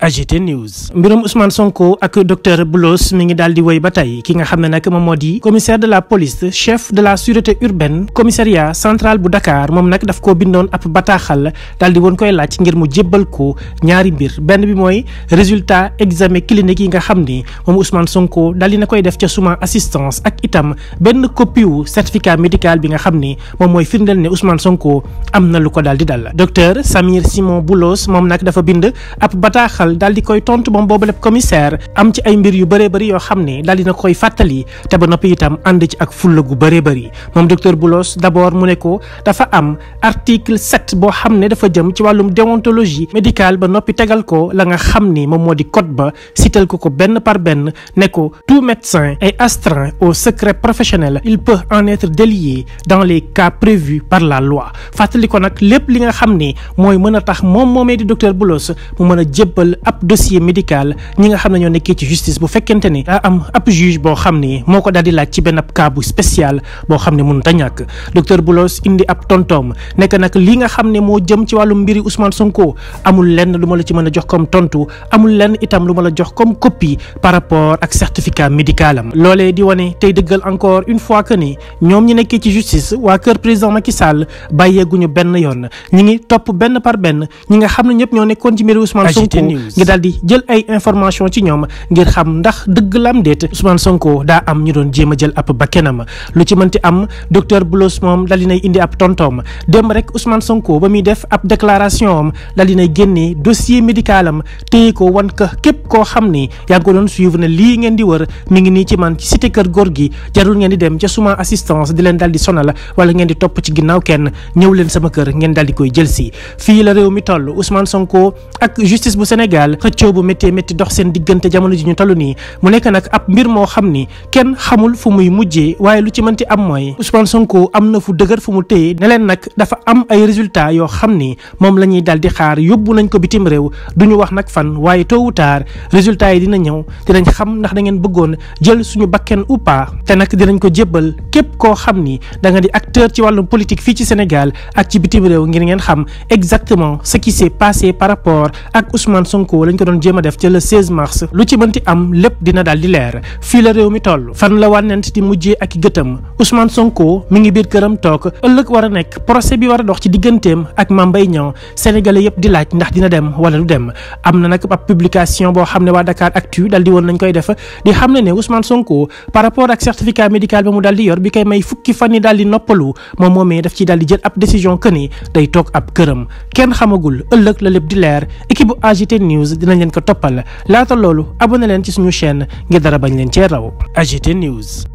AGT News mbirum Ousmane Sonko ak docteur Boulos mu ngi daal di woy ba tey ki nga xam ne nag moom moo di commissaire de la police chef de la sûreté urbaine commissariat central bu Dakar moom nag daf koo bindoon ab bataaxal daal di woon koy laaj ngir mu jébbal ko ñaari mbir benn bi mooy résultat examen clinique yi nga xam ni moom Ousmane Sonko daal di na koy def ca suma assistance ak itam benn copie wu certificat médical bi nga xam ni moom mooy firndeel ne Ousmane Sonko am na lu ko daal di dal docteur Samir moom nag dafa bind Fall daal di koy tontu moom boobu lépp commissaire am ci ay mbir yu bëree bëri yoo xam ne daal dina koy fàttali te ba noppi itam ànd ci ak fulla gu bëree bëri moom docteur Boulos d'abord mu ne ko dafa am article sept boo xam ne dafa jëm ci wàllum déontologie médicale ba noppi tegal ko la nga xam ni moom moo di code ba sital ko ko benn par benn ne ko tout médecin ay astreint au secret professionnel il peut en être délié dans les cas prévus par la loi fàttali ko nag lépp li nga xam ne mooy mën a tax moom moomee di docteur Boulos mën ab dossier médical ñi nga xam ne ñoo nekkee ci justice bu fekkente ni daa am ab juge boo xam ni moo ko daal di laaj ci benn ab cas bu spécial boo xam ne mënut a ñàkk docteur Boulos indi ab tontoom nekk nag li nga xam ne moo jëm ci wàllu mbiri Ousmane Sonko amul lenn lu ma la ci mën a jox comme tontu amul lenn itam lu ma la jox comme copie par rapport ak certificat médicalam am loolee di wane tey dëggal encore une fois que ni ñoom ñi nekkee ci justice waa kër président Macky Sall bàyyeeguñu benn yoon ñi ngi topp benn par benn ñi nga xam ne ñëpp ñoo nekkoon ci mbiri Ousmane Sonko ngir daal di jël ay information ci ñoom ngir xam ndax dëgg lam déet Ousmane Sonko daa am ñu doon jéem a jël ab bakkenam lu ci mënti am docteur Boulos moom daal dinay nay indi ab tontoom dem rek Ousmane Sonko ba muy def ab déclaration am daal di nay génnee dossier médical am téye ko wan ka képp koo xam ni yaa ngi ko doon suivre ne lii ngeen di wër mi ngi nii ci man ci cité kër góor gi jarul ngeen di dem ca suma assistance di leen daal di sonal wala ngeen di topp ci ginnaaw kenn ñëw leen sama kër ngeen daal di koy jël si fii la réew mi toll Ousmane Sonko ak justice bu Sénégal xëccoo bu métti métti dox seen diggante jamono ji ñu toll nii mu nekk nag ab mbir moo xam ni kenn xamul fu muy mujjee waaye lu ci mënti am mooy Ousmane Sonko am na fu dëgër fu mu téye ne leen nag dafa am ay résultats yoo xam ni moom la ñuy daal di xaar yóbbu nañ ko bitim réew duñu wax nag fan résultat yi dina ñëw dinañ xam ndax da ngeen bëggoon jël suñu bakken ou te nag dinañ ko jébbal képp koo xam ni da nga di acteur ci wàllum politique fii ci Sénégal ak ci bitim réew ngir ngeen xam exactement ce qui s'est passé par rapport ak Ousmane Sonko lañ ko doon jéem a def ca la 16 mars lu ci mënti am lépp dina daal di leer fii la réew mi toll fan la wànnent di mujjee ak gëtëm Ousmane Sonko mi ngi biir këram toog ëllëg war a nekk procès bi war a dox ci digganteem ak Mame Mbaye Niang yëpp di laaj ndax dina dem wala du dem am na nag ab publication boo xam ne waa Dakar Actu dal di woon nañ koy def di xam ne ne Ousmane Sonko par rapport ak certificat médical bi mu dal di yor bi koy may fukki fan ni daal di noppalu moom moomee daf ci daal di jël ab décision que ni day toog ab këram kenn xamagul ëllëg la lépp di leer équipe bu AGT News dinañ leen ko toppal laata loolu abonné leen ci suñu chaîne ngir dara bañ leen cee raw AGT News